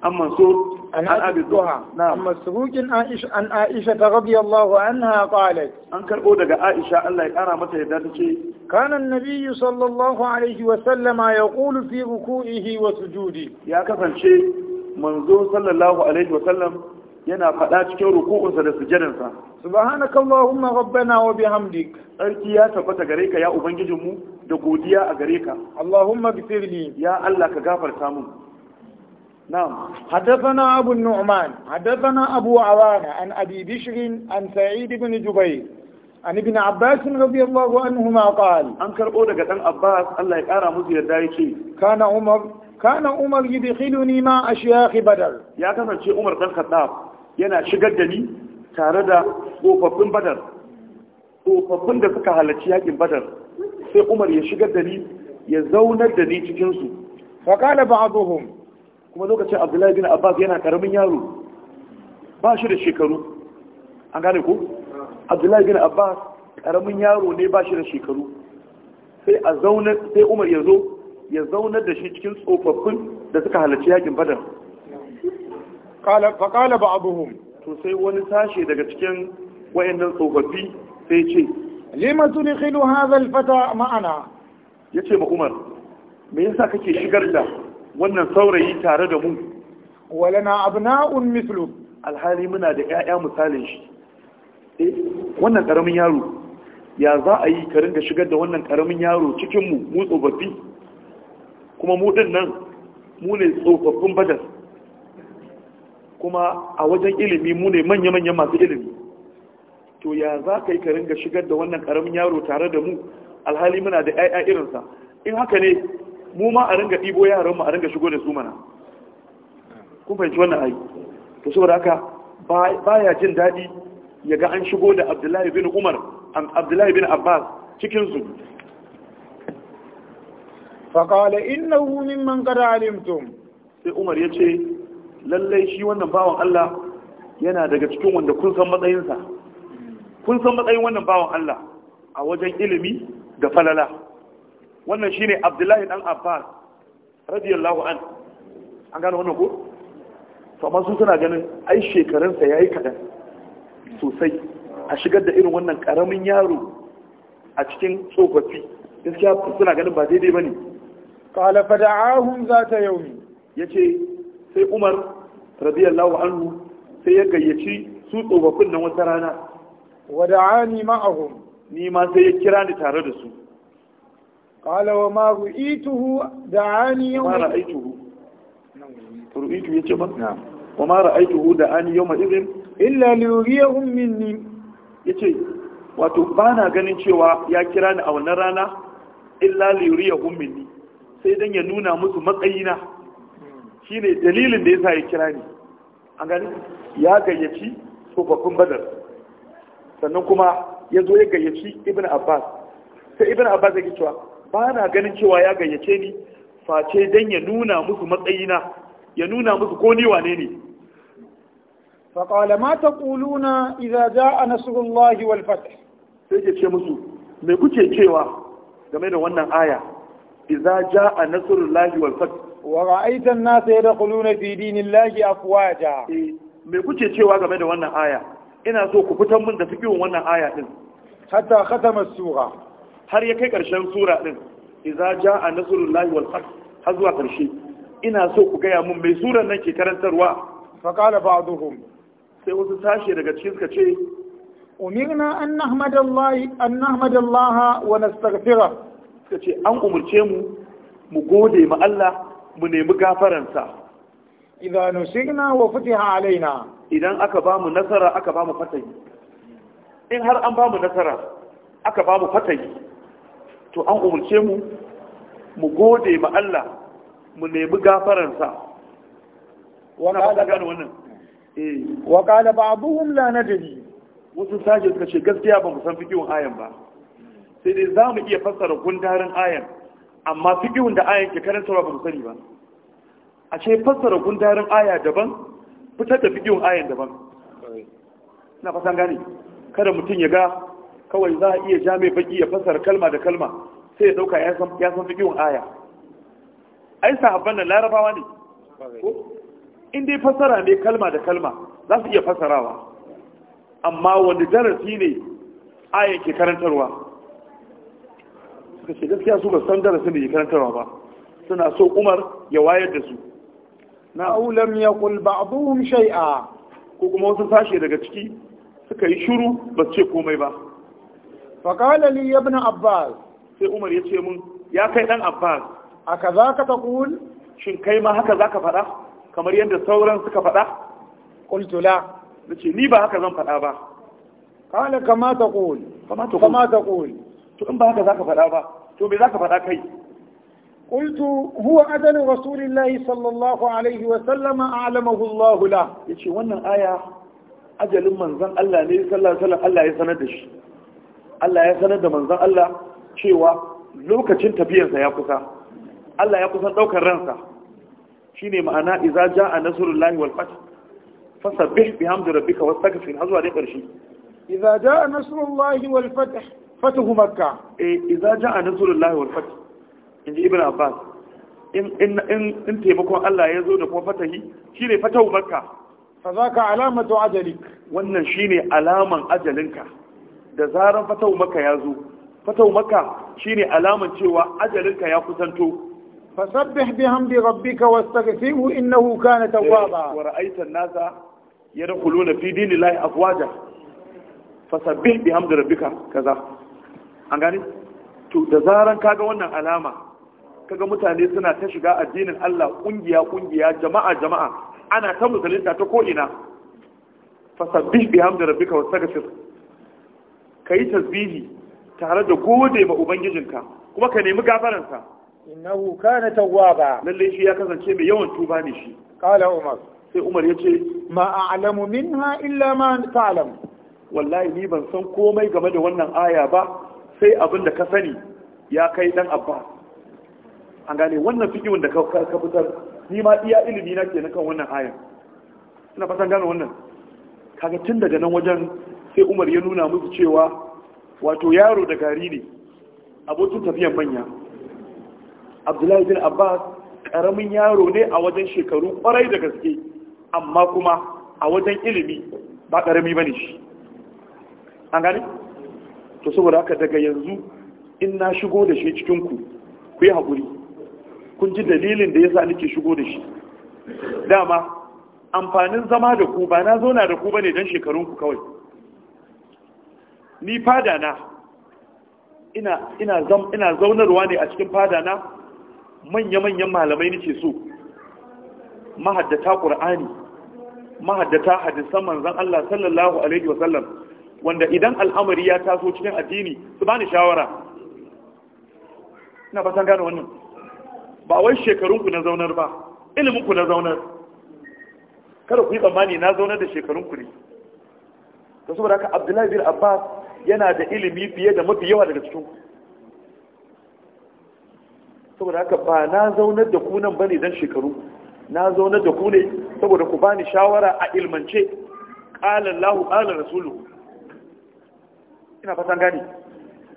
[SPEAKER 1] an Mansur an Abi Duha na'am
[SPEAKER 2] Aisha an Aisha radiyallahu anha qalat an karbo daga Aisha Allah ya kara mata yadda ta ce kana annabi sallallahu alaihi wa sallama yaqulu fi ruku'ihi wa sujudi
[SPEAKER 1] ya kasance manzo sallallahu alaihi wasallam yana faɗa cikin rukuunsa da sujjadansa subhanakallahumma rabbana wa bihamdik sarki ya tabbata gare ka ya ubangijin mu da godiya a gare ka allahumma bisirli ya allah ka gafarta mu na'am hadathana abu nu'man hadathana
[SPEAKER 2] abu awana an abi bishrin an sa'id ibn jubayr an ibn abbas radiyallahu anhu ma qala an karbo daga ɗan abbas allah ya kara musu yadda yake kana umar
[SPEAKER 1] kana umar yudkhiluni ma shi badar ya kasance umar ɗan khattab yana shigar da ni tare da tsofaffin badar tsofaffin da suka halarci yakin badar sai umar ya shigar da ni ya zaunar da ni cikinsu. su ba a ba'dhum kuma lokacin abdullahi bin abbas yana karamin yaro ba shi da shekaru an gane ko abdullahi bin abbas karamin yaro ne ba shi da shekaru sai a zaunar sai umar ya zo ya zaunar da shi cikin tsofaffin da suka halarci yakin badar faƙala ba abuhum to sai wani sashe daga cikin wayannan tsofaffi sai ce lima tudkhilu hadha alfata ma'ana yace ma Umar me yasa kake shigar da wannan saurayi tare da mu walana abna'un mithlu alhali muna da 'ya'ya misalin shi eh wannan karamin yaro ya za a yi ka ringa shigar da wannan karamin yaro cikin mu mu tsofaffi kuma mu din nan mu ne tsofaffin badar kuma a wajen ilimi mu ne manya-manyan masu ilimi to ya za ka yi ka ringa shigar da wannan karamin yaro tare da mu alhali muna da 'ya'ya irinsa in haka ne mu ma a ringa ɗibo yaranmu a ringa shigo da su mana kun fahimci wannan ayi to saboda haka ya jin daɗi ya ga an shigo da abdullahi bin umar abdullahi bin abbas cikin su فقال innahu ممن قد علمتم sai Umar ya ce lallai shi wannan bawan Allah yana daga cikin wanda kun san matsayinsa kun san matsayin wannan bawan Allah a wajen ilimi da falala wannan shine Abdullahi dan Abbas radiyallahu an an gano wannan ko to amma su suna ganin ai shekarunsa yayi kadan sosai a shigar da irin wannan karamin yaro a cikin tsofaffi gaskiya suna ganin ba daidai bane qala fada'ahum ne. Ya ce sai Umar radiyallahu anhu sai ya gayyaci su tsofaffin nan wata rana wada'ani a ni ma sai ya kira ni tare da su
[SPEAKER 2] Kala wa ma ru'ituhu da'ani yawma ra'aituhu
[SPEAKER 1] ru'ituhu yace ba na'am wa ma ra'aituhu da ni yau ma'irin. illa li ni. Ya ce, wato bana ganin cewa ya kira ni a wannan rana illa li yuriyahum minni sai dan ya nuna musu matsayina shine dalilin da yasa ya kira ni an gani ya gayyaci tsofaffin badar sannan kuma ya zo ya gayyaci ibn abbas sai ibn abbas ya cewa ba na ganin cewa ya gayyace ni face dan ya nuna musu matsayina ya nuna musu ko ni wane ne فقال
[SPEAKER 2] ما تقولون إذا جاء نصر الله والفتح sai ce musu
[SPEAKER 1] me kuke cewa game da wannan aya idza jaa nasrullahi wal fath wa ra'aita an-nas yadkhuluna fi dinillahi afwaja me kuke cewa game da wannan aya ina so ku fitan mun da fikin wannan aya din hatta khatama sura har ya kai karshen sura din idza jaa nasrullahi wal fath har zuwa karshe ina so ku gaya mun mai suran nan ke karantarwa fa qala ba'dhum sai wasu tashi daga cikin suka ce
[SPEAKER 2] umirna an nahmadallahi an nahmadallaha
[SPEAKER 1] wa nastaghfiruh suka ce an umurce mu mu gode ma Allah mu nemi gafaransa idan nusigna wa futiha alaina idan aka ba mu nasara aka ba mu fatayi in har an ba mu nasara aka ba mu fatayi to an umurce mu mu gode ma Allah mu nemi gafaransa wannan ba gane wannan eh wa qala ba'dhum la nadri wasu sashi suka ce gaskiya ba mu san fikiyon ayan ba sai dai za mu iya fassara gundarin ayan amma fiƙihun da ayan ke karantarwa ba mu sani ba a ce fassara gundarin aya daban fitar da fiƙihun ayan daban na fasan gane kada mutum ya ga kawai za a iya ja mai baki ya fassara kalma da kalma sai ya ɗauka ya san fiƙihun aya ai sahabban nan larabawa ne in dai fassara ne kalma da kalma za su iya fassarawa amma wani darasi ne ayan ke karantarwa suka ce gaskiya su ba san darasin da ke karantarwa ba suna so umar ya wayar da su na aulam ya kul ba'dhum shay'a ko kuma wasu sashe daga ciki suka yi shiru ba ce komai ba fa qala li ibn abbas sai umar ya ce mun ya kai dan abbas A ka kul? shin kai ma haka zaka faɗa kamar yadda sauran suka faɗa qultu la nace ni ba haka zan faɗa ba
[SPEAKER 2] qala kama kul. kama kul. to in ba haka zaka faɗa ba to me zaka faɗa kai قلت هو أذن رسول
[SPEAKER 1] الله صلى الله عليه وسلم أعلمه الله له يشي wannan aya ajalin manzon Allah ne sallallahu alaihi Allah ya sanar da shi Allah ya sanar da manzon Allah cewa lokacin tafiyarsa ya kusa Allah ya kusa ɗaukar ransa shine ma'ana idza jaa nasrullahi wal fath fasabbih bihamdi rabbika wastaghfir hazwa da karshe idza wal fatahu makka eh idza ja'a nasrullahi wal fath inji ibn abbas in in in taimakon Allah ya zo da kuma fatahi shine fatahu makka fa zaka alamatu ajalik wannan shine alaman ajalinka da zaran fatahu makka ya zo fatahu makka shine alaman cewa ajalinka ya kusanto fasabbih bihamdi
[SPEAKER 2] rabbika wastaghfirhu innahu kana eh, tawwaba wa ra'aita an-nasa
[SPEAKER 1] yadkhuluna fi dinillahi afwaja fasabbih bihamdi rabbika kaza an gane to da zaran kaga wannan alama kaga mutane suna ta shiga addinin Allah kungiya kungiya jama'a jama'a ana ta musulunta ta ko ina fasabbih bihamdi rabbika wastaghfir kai tasbihi tare da gode ma ubangijinka kuma ka nemi gafaransa innahu kana tawwaba lalle shi ya kasance mai yawan tuba ne shi qala umar sai umar yace ma a'lamu minha illa ma ta'lam wallahi ni ban san komai game da wannan aya ba sai abin da ka sani ya kai dan abba an gane wannan fikihun da ka fitar ni ma iya ilimi na na kan wannan ayan ina fasan gane wannan kaga tun daga nan wajen sai Umar ya nuna musu cewa wato yaro da gari ne abokin tafiyan manya Abdullahi bin Abbas karamin yaro ne a wajen shekaru kwarai da gaske amma kuma a wajen ilimi ba karami bane shi an gane to saboda haka daga yanzu in na shigo da shi cikin ku ku yi haƙuri kun ji dalilin da ya sa nake shigo da shi dama amfanin zama da ku ba na zauna da ku bane don shekarun ku kawai ni fada na ina ina ina zaunarwa ne a cikin fada na manya-manyan malamai nake so mahaddata qur'ani mahaddata hadisan manzon Allah sallallahu alaihi wasallam wanda idan al'amari ya taso cikin addini su bani shawara ina fatan gane wannan ba wai shekarunku na zaunar ba iliminku na zaunar kada ku yi tsammani na zaunar da shekarunku ne ta saboda haka abdullahi bin abbas yana da ilimi fiye da mafi yawa daga cikin saboda haka ba na zaunar da ku nan bane dan shekaru na zaunar da ku ne saboda ku bani shawara a ilmance qala Allahu qala rasuluhu ina fatan gani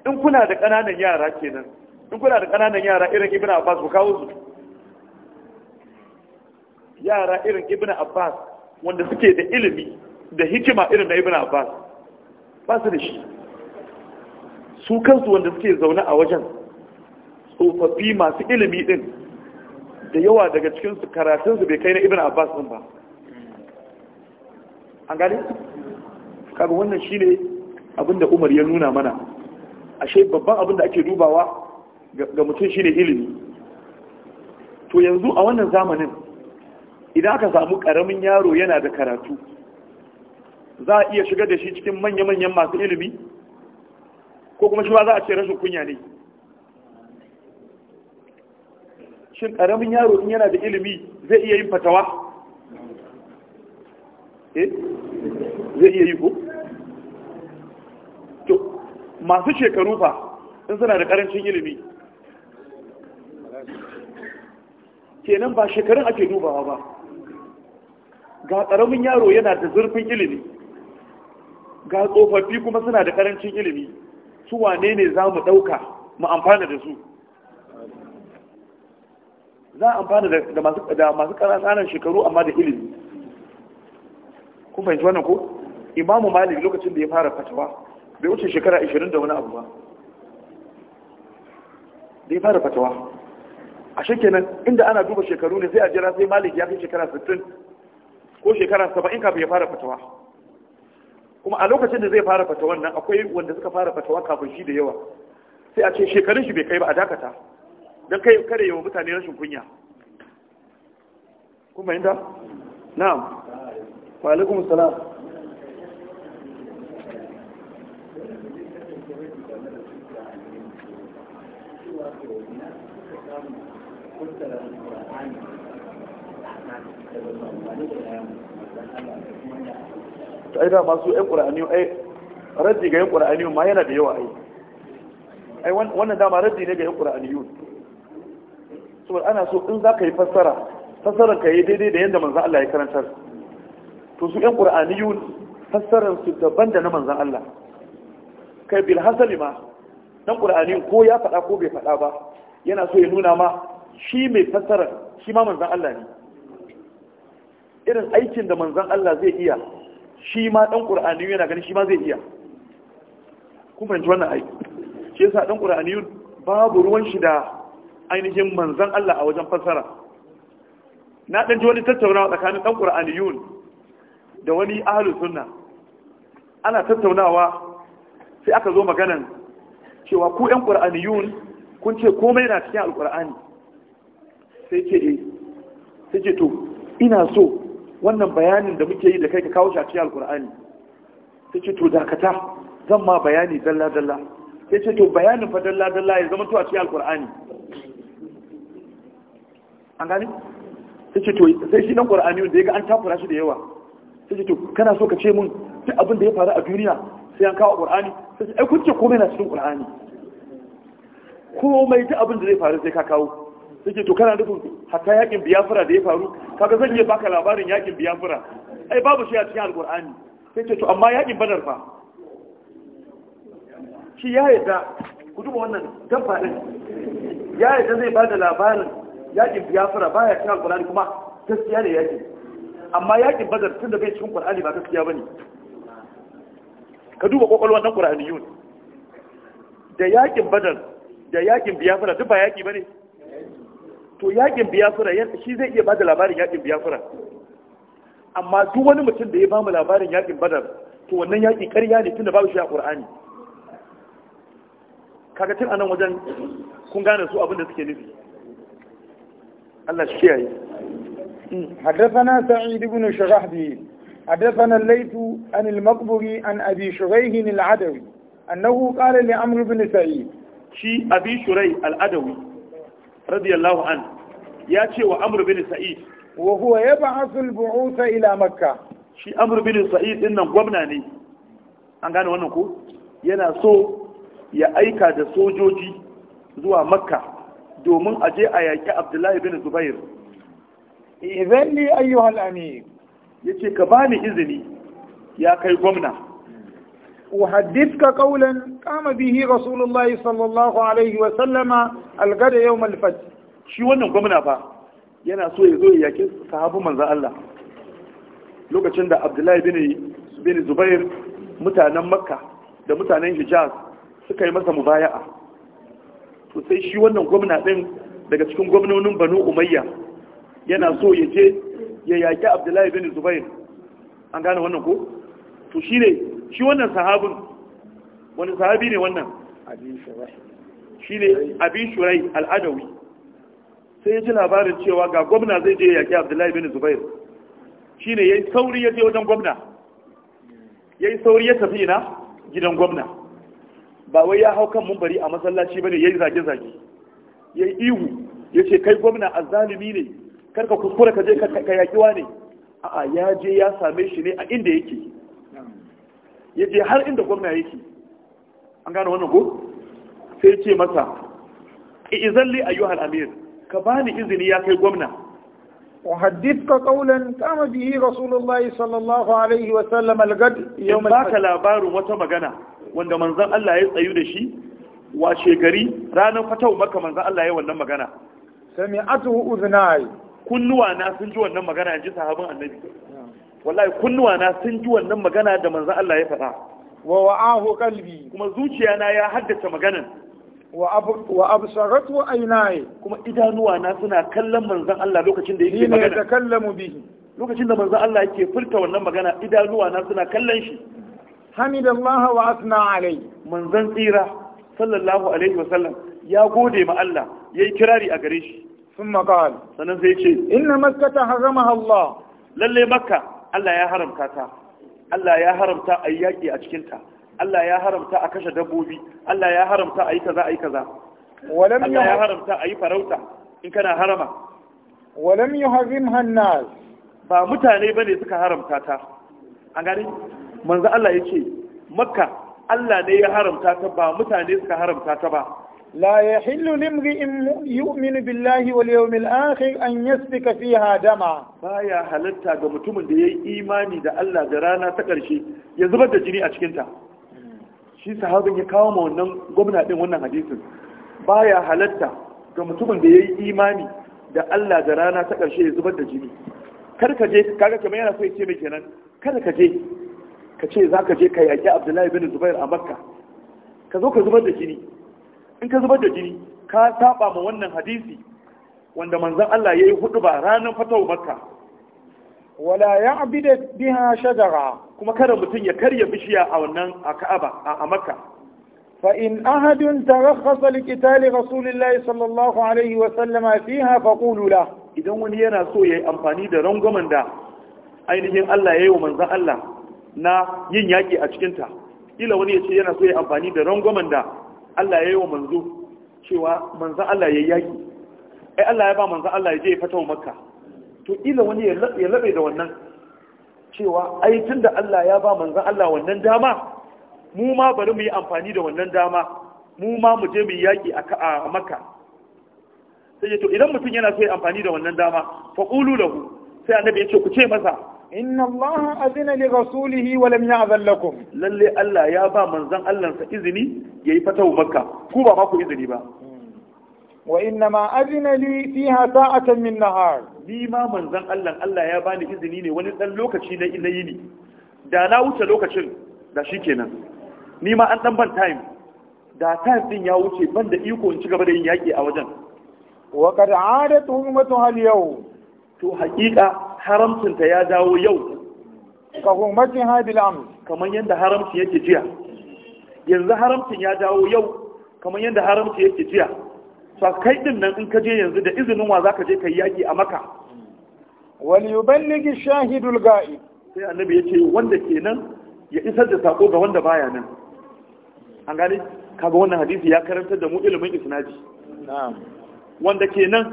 [SPEAKER 1] in kuna da ƙananan yara kenan in kuna da ƙananan yara irin ibn abbas ku kawo su yara irin ibn abbas wanda suke da ilimi da hikima irin na ibn abbas ba su da shi su kansu wanda suke zaune a wajen tsofaffi masu ilimi din da yawa daga cikinsu su bai kai na ibn abbas din ba an gani? kaga wannan shine abinda umar ya nuna mana ashe babban abin da ake dubawa ga mutum shine ilimi to yanzu a wannan zamanin idan aka samu karamin yaro yana da karatu za a iya shiga da shi cikin manya-manyan masu ilimi ko kuma shi ba za a ce rashin kunya ne shin karamin yaro in yana da ilimi zai iya yin fatawa eh zai iya yi ko masu shekaru fa in suna da karancin ilimi kenan ba shekarun ake dubawa ba ga ƙaramin yaro yana da zurfin ilimi ga tsofaffi kuma suna da ƙarancin ilimi su wane ne za mu ɗauka mu amfana da su za a amfana da masu ƙananan shekaru amma da ilimi kun fahimci wannan ko imamu malik lokacin da ya fara fatawa bai wuce shekara 20 da wani abu ba da ya fara fatawa a shekenan inda ana duba shekaru ne sai a jira sai malik ya fi shekara 60 ko shekara 70 kafin ya fara fatawa kuma a lokacin da zai fara fatawan nan akwai wanda suka fara fatawa kafin shi da yawa sai a ce shekarun shi bai kai ba a dakata don kai kare yawa mutane rashin kunya kuma inda na'am wa alaikum salam ta ai da masu ƴan ƙura'aniyu ai raddi ga ƴan ƙura'ani ma yana da yawa ai ai wannan dama raddi ne ga yan ƙura'aniyu Su ana so in za ka yi fassara fassara ka yi daidai da yadda manzan Allah ya karantar to su ƙura'ani ƙura'aniyu fassarar su daban da na manzan Allah kai bil hasali ma dan ƙura'ani ko ya faɗa ko bai faɗa ba yana so ya nuna ma shi mai fassara shi ma manzan Allah ne irin aikin da manzan Allah zai iya shi ma ɗan ƙur'ani yana ganin shi ma zai iya kuma yanci wannan aiki shi yasa ɗan ƙur'ani babu ruwan shi da ainihin manzan Allah a wajen fassara na ɗan ji wani tattaunawa tsakanin ɗan ƙur'ani da wani ahalus sunna ana tattaunawa sai aka zo maganan cewa ku ƴan ƙur'ani kun ce komai na cikin alƙur'ani sai ce eh. sai ce to ina so wannan bayanin da muke yi da kai ka kawo shi a cikin alkur'ani sai ce to dakata zan ma bayani dalla dalla sai ce to bayanin fa dalla dalla ya zama to a cikin alkur'ani an gane sai ce to sai shi nan qur'ani da ga an tafura shi da yawa sai ce to kana so ka ce mun duk abin da ya faru a duniya sai an kawo kur'ani sai ce ai kun ce komai na cikin qur'ani komai duk abin da zai faru sai ka kawo suke to kana nufin hatta yakin biyafura da ya faru kaga zan iya baka labarin yakin biyafura ai babu shi a cikin alkur'ani sai ce to amma yakin badar fa shi ya yadda ku duba wannan dabba din ya yadda zai bada labarin yakin biyafura baya cikin alkur'ani kuma gaskiya ne yakin amma yakin badar tunda bai cikin qur'ani ba gaskiya bane ka duba kokolwan nan qur'aniyun da yakin badar da yakin biyafura duk ba yaki bane to yakin biyafura shi zai iya bada labarin yakin biyafura amma duk wani mutum da ya bamu labarin yakin badar to wannan yaki karya ne tunda babu shi a ƙur'ani kaga tun anan wajen kun gane su abin da suke nufi Allah shi kiyaye
[SPEAKER 2] حدثنا سعيد بن شرحبيل حدثنا الليث عن المقبري عن أبي شريح العدوي أنه قال لعمرو بن سعيد
[SPEAKER 1] شي أبي شريح العدوي رضي الله عنه ya ce wa amr bin sa'id wa huwa yab'athu al-bu'uth ila makka shi amr bin sa'id din nan gwamna ne an gane wannan ko yana so ya aika da sojoji zuwa makka domin a je a yaƙi abdullahi bin zubair idan ni ayyuhal amir yace ka bani izini ya
[SPEAKER 2] kai gwamna أحدثك قولا قام به رسول الله صلى
[SPEAKER 1] الله عليه وسلم الغد يوم الفتح shi wannan gwamna fa yana so ya zo ya yaki sahabu manzan Allah lokacin da abdullahi bin zubair mutanen makka da mutanen hijaz suka yi masa mubaya'a to sai shi wannan gwamna din daga cikin gwamnonin banu umayya yana so ya je ya yaki abdullahi bin zubair an gane wannan ko to shi ne shi wannan sahabin wani sahabi ne wannan shi ne abin shurai al'adawi sai ya ji labarin cewa ga gwamna zai je yaƙi abdullahi bin zubair shine yayi sauri ya je wajen gwamna yayi sauri ya tafi ina gidan gwamna ba wai ya hau kan mumbari a masallaci bane yayi zage zage yayi ihu yace kai gwamna azzalimi ne karka kuskura ka je ka yaƙiwa ne a'a ya je ya same shi ne a inda yake ya je har inda gwamna yake an gane wannan ko sai ce masa izalli ayyuhal amir ka bani izini ya kai gwamna
[SPEAKER 2] uhaddithka qawlan kama bihi rasulullahi sallallahu alaihi wa sallam al-gad
[SPEAKER 1] yawm baka labarin wata magana wanda manzon Allah ya tsayu da shi wa shegari ranar fatau maka manzon Allah ya wannan magana sami'atuhu udhnai kunnuwa na sun ji wannan magana ji sahabin annabi wallahi kunnuwa na sun ji wannan magana da manzon Allah ya faɗa wa wa'ahu kalbi. kuma zuciya na ya haddace maganan wa absaratu aynai kuma idanuwa na suna kallon manzon Allah lokacin da yake magana ne takallamu bihi lokacin da manzon Allah yake furta wannan magana idanuwa na suna kallon shi hamidallahi wa asna alai manzon tsira sallallahu alaihi wa sallam ya gode ma Allah yayi kirari a gare shi ثم قال sannan sai ce inna makkata haramaha Allah lalle makka Allah ya haramta ta Allah ya haramta ayyaki a cikin ta Allah ya haramta a kashe dabbobi Allah ya haramta a yi kaza a yi kaza Allah ya haramta a yi farauta in kana harama walam yuhazimha hazim Hannas. ba mutane ba ne suka haramta ta an gani manzo Allah ya ce. makka Allah ne ya haramta ta ba mutane suka haramta ta ba
[SPEAKER 2] La ya لا يحل لامرئ billahi بالله واليوم الاخر ان يسفك
[SPEAKER 1] فيها دما بايا halatta ga mutumin da yayi imani da Allah da rana ta ƙarshe ya zubar da jini a cikin ta shi sahabin ya kawo ma wannan gwamna ɗin wannan hadisin baya halatta ga mutumin da ya yi imani da Allah da rana ta ƙarshe ya zubar da jini kar ka je kaga kamar yana so ya ce mai kenan kada ka je ka ce za ka je ka yaƙi Abdullahi bin Zubair a Makka ka zo ka zubar da jini in ka zubar da jini ka saba ma wannan hadisi wanda manzon Allah ya yi hudu ba ranar fatawar Makka
[SPEAKER 2] wala ya abida biha shajara kuma kada mutum ya karya
[SPEAKER 1] bishiya a wannan a Ka'aba a Makka
[SPEAKER 2] fa in ahadun tarakhasa
[SPEAKER 1] li qitali rasulillahi sallallahu alaihi wa sallama fiha faqulu la idan wani yana so yayi amfani da rangwamen da ainihin Allah yayi wa manzon Allah na yin yaki a cikin ta ila wani yace yana so yayi amfani da rangwamen da Allah yayi wa manzo cewa manzon Allah yayi yaki ai Allah ya ba manzon Allah ya je ya fatawa Makka to ila wani ya labe da wannan cewa ai tun da Allah ya ba manzan Allah wannan dama mu ma bari mu yi amfani da wannan dama mu ma mu je mu yaƙi a maka sai ya to idan mutum yana so ya amfani da wannan dama fa qulu lahu sai annabi ya ce ku ce masa inna Allah azina li rasulihi wa lam ya'zan lakum lalle Allah ya ba manzan Allah sa izini yayi fatawu makka ku ba ma ku izini ba wa inna ma azina li fiha sa'atan min nahar ni ma manzon Allah Allah ya bani izini ne wani dan lokaci na ina yini da na wuce lokacin da shikenan ni ma an dan ban time da time din ya wuce ban da iko in ci gaba da yin yaki a wajen wa qad adat ummatu hal yau to hakika haramcin ta ya dawo yau ka hukumati hadil am kamar yanda haramci yake jiya yanzu haramcin ya dawo yau kamar yanda haramci yake jiya sa kai din nan in ka je yanzu da izinin wa zaka je kai yaki a maka wal yuballighi shahidul ga'ib sai annabi yace wanda kenan ya isar da sako ga wanda baya nan an gane kaga wannan hadisi ya karantar da mu ilimin isnadi na'am wanda kenan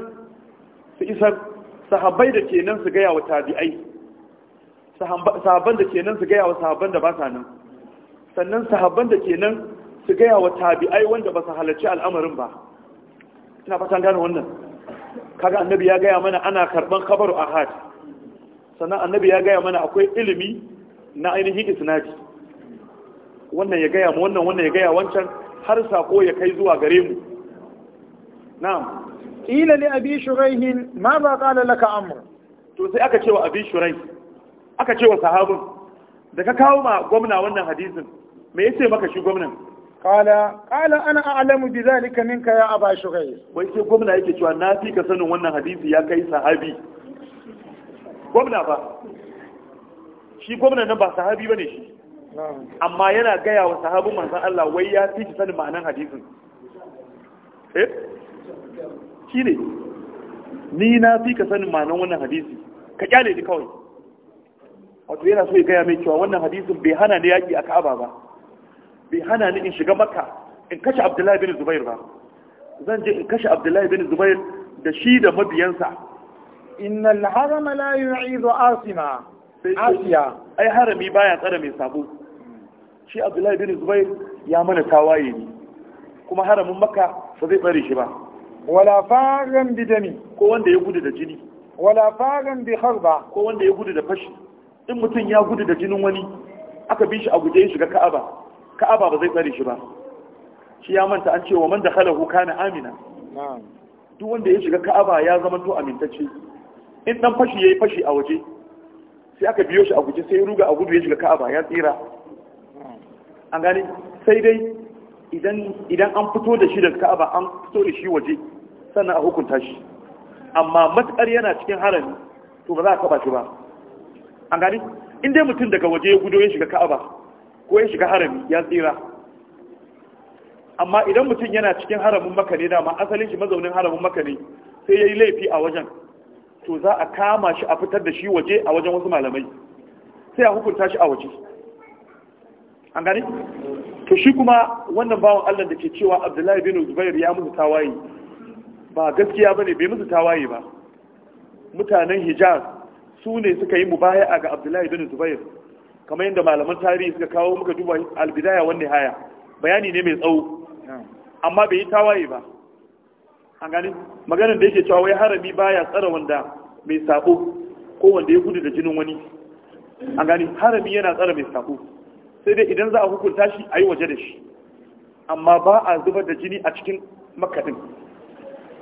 [SPEAKER 1] su isar sahabbai da kenan su ga yawa tabi'ai sahabban da kenan su ga yawa sahabban da ba sa nan sannan sahabban da kenan su ga yawa tabi'ai wanda ba su halarci al'amarin ba ina fatan gane wannan kaga annabi ya gaya mana ana karban kabaru ahad sannan annabi ya gaya mana akwai ilimi na ainihin isnadi wannan ya gaya mu wannan wannan ya gaya wancan har sako ya kai zuwa gare mu na'am ila li abi shuraihin ma ba qala laka amr to sai aka cewa abi shuraih aka cewa sahabin da ka kawo ma gwamna wannan hadisin me yace maka shi gwamnan
[SPEAKER 2] Kala,
[SPEAKER 1] kala ana a'lamu bi zalika ka ya Aba kai. Wai sai gwamna yake cewa na fi ka sanin wannan hadisi ya kai sahabi. Gwamna ba. Shi gwamna nan ba sahabi ba ne shi. Amma yana gaya wa sahabin manzon Allah wai ya fi ki sanin ma'anan hadisin. Eh? Shi ne. Ni na fi ka sanin ma'anan wannan hadisi. Ka kyale ni kawai. Wato yana so ya gaya mai cewa wannan hadisin bai hana ni yaƙi a Ka'aba ba. bai hana ni in shiga makka in kashe abdullahi bin zubair ba zan je in kashe abdullahi bin zubair da shi da mabiyansa innal haram la yu'idu asima asiya ai harami baya tsara mai sabo shi abdullahi bin zubair ya mana tawaye ne kuma haramin makka ba zai tsare shi ba wala fagan dami ko wanda ya gudu da jini wala fagan bi kharba ko wanda ya gudu da fashi in mutum ya gudu da jinin wani aka bi shi a guje shiga ka'aba ka'aba ba zai tsare shi ba shi ya manta an ce wa man hu kana amina duk wanda ya shiga ka'aba ya zama to amintacce in dan fashi yayi fashi a waje sai aka biyo shi a guje sai ruga a gudu ya shiga ka'aba ya tsira an gani sai dai idan idan an fito da shi daga ka'aba an fito da shi waje sannan a hukunta shi amma matsar yana cikin harami to ba za a kaba shi ba an gani in dai mutum daga waje ya gudu ya shiga ka'aba ko ya shiga harami ya tsira amma idan mutum yana cikin haramin maka ne dama asalin shi mazaunin haramin maka ne sai ya yi laifi a wajen to za a kama shi a fitar da shi waje a wajen wasu malamai sai a hukunta shi a waje an gani to shi kuma wannan bawan Allah da ke cewa Abdullahi bin Zubair ya musu tawaye ba gaskiya ba ne bai musu tawaye ba mutanen Hijaz su ne suka yi mubaya'a ga Abdullahi bin Zubair kamar yadda malaman tarihi suka kawo muka duba albidaya wani haya bayani ne mai tsawo amma bai yi tawaye ba A gani maganin da yake cewa wai harami baya tsara wanda mai sako ko wanda ya gudu da jinin wani A gani harami yana tsara mai sako sai dai idan za a hukunta shi a yi waje da shi amma ba a zubar da jini a cikin makaɗin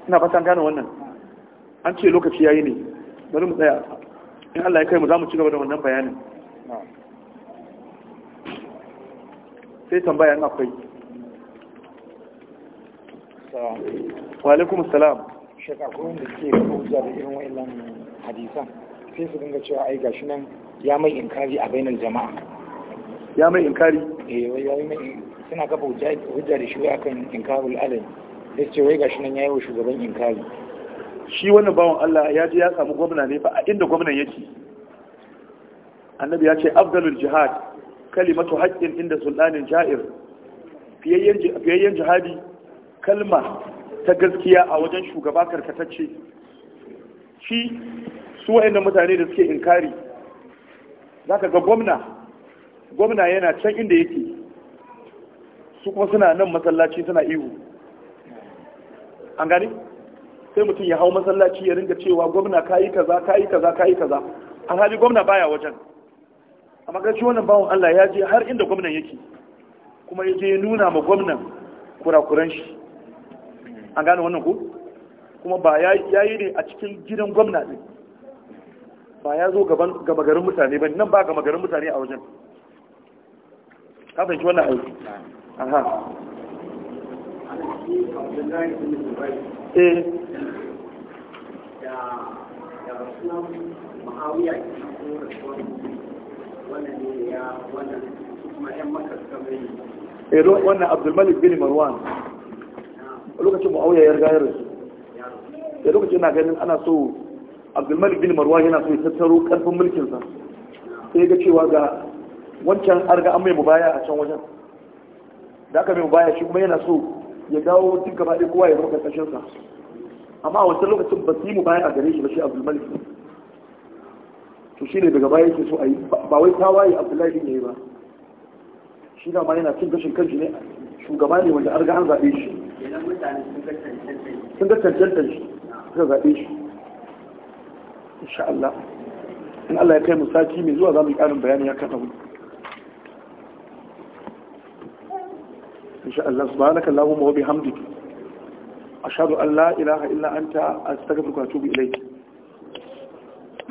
[SPEAKER 1] ina fatan gane wannan an ce lokaci ya yi ne bari mu tsaya in Allah ya kai mu za mu ci gaba da wannan bayanin sai tambaya akwai wa alaikum salam
[SPEAKER 2] shek akwai wanda suke kawo da irin wa'ilan hadisan sai su dinga cewa ai gashi nan ya mai inkari a bainar jama'a ya mai inkari eh wai ya mai suna kafa hujja da shi akan inkarul alai
[SPEAKER 1] da ce wai gashi nan yayi wa shugaban inkari shi wannan bawan Allah ya je ya samu gwamna ne fa a inda gwamnan yake annabi ya ce afdalul jihad kalimatu haƙƙin inda sultanin ja'ir fiyayyen jihadi kalma ta gaskiya a wajen shugaba karkatacce shi su wa'annan mutane da suke inkari za ka ga gwamna gwamna yana can inda yake su kuma suna nan masallaci suna ihu an gani sai mutum ya hau masallaci ya ringa cewa gwamna kayi kaza kayi kaza kayi kaza alhali gwamna baya wajen amma gaci wannan bawon Allah ya je har inda gwamnan yake kuma ya je ya nuna ma gwamnan kurakuran shi an gane wannan ku? kuma ba ya yi ne a cikin gidan gwamna ɗin ba ya zo gaba garin mutane ba nan ba gaba garin mutane a wajen ka fahimci wannan aiki aha
[SPEAKER 3] eh da ya sunan ma'awiya ke
[SPEAKER 1] irin eh, wannan abdulmalik bin marwan lokacin ma'auya ya riga ya rasu da eh, lokacin na ganin ana so abdulmalik bin marwan yana so ya tattaro karfin mulkinsa sai ga cewa ga wancan arga an mai mubaya a can wajen da aka mai mubaya shi kuma yana so ya dawo duk gaba ɗaya kowa ya zama karkashinsa amma a wancan lokacin ba su yi mubaya a gare shi ba shi abdulmalik to shi ne daga baya yake so a yi ba wai tawaye abdullahi ne ba shi da yana cin gashin kanshi ne shugaba ne wanda an ga an zaɓe shi sun ga cancanta shi suka zaɓe shi insha Allah in Allah ya kai mu sati mai zuwa za mu yi ƙarin bayani ya kafa mu insha Allah subhanaka Allahumma wa bihamdika ashhadu an la ilaha illa anta astaghfiruka wa atubu ilayk